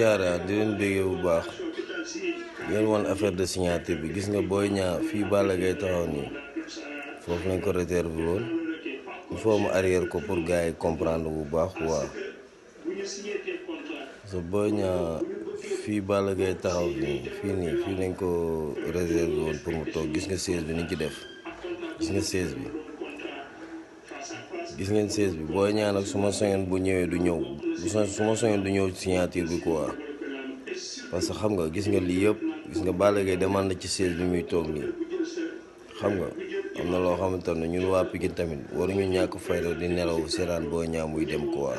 ziara di leen béggee bu baax leen woon affaire de signature bi gis nga booy ñaa fii Balla Gaye taxaw nii foofu lañ ko réservé woon il faut mu arrière ko pour gars yi comprendre bu baax waa parce que booy ñaa fii Balla Gaye taxaw nii fii nii fii lañ ko réservé woon pour mu toog gis nga siège bi niñ ci def gis nga siège bi gis ngeen seize bi booy ñaan ak su ma bu ñëwee du ñëw su ma du ñëw signature bi quoi parce que xam nga gis nga lii yëpp gis nga Balla demal na ci seize bi muy toog nii xam nga am na loo xamante ne ñun waa Pikine tamit waruñu ñàkk fayda di nelaw seetaan booy ñaan muy dem quoi.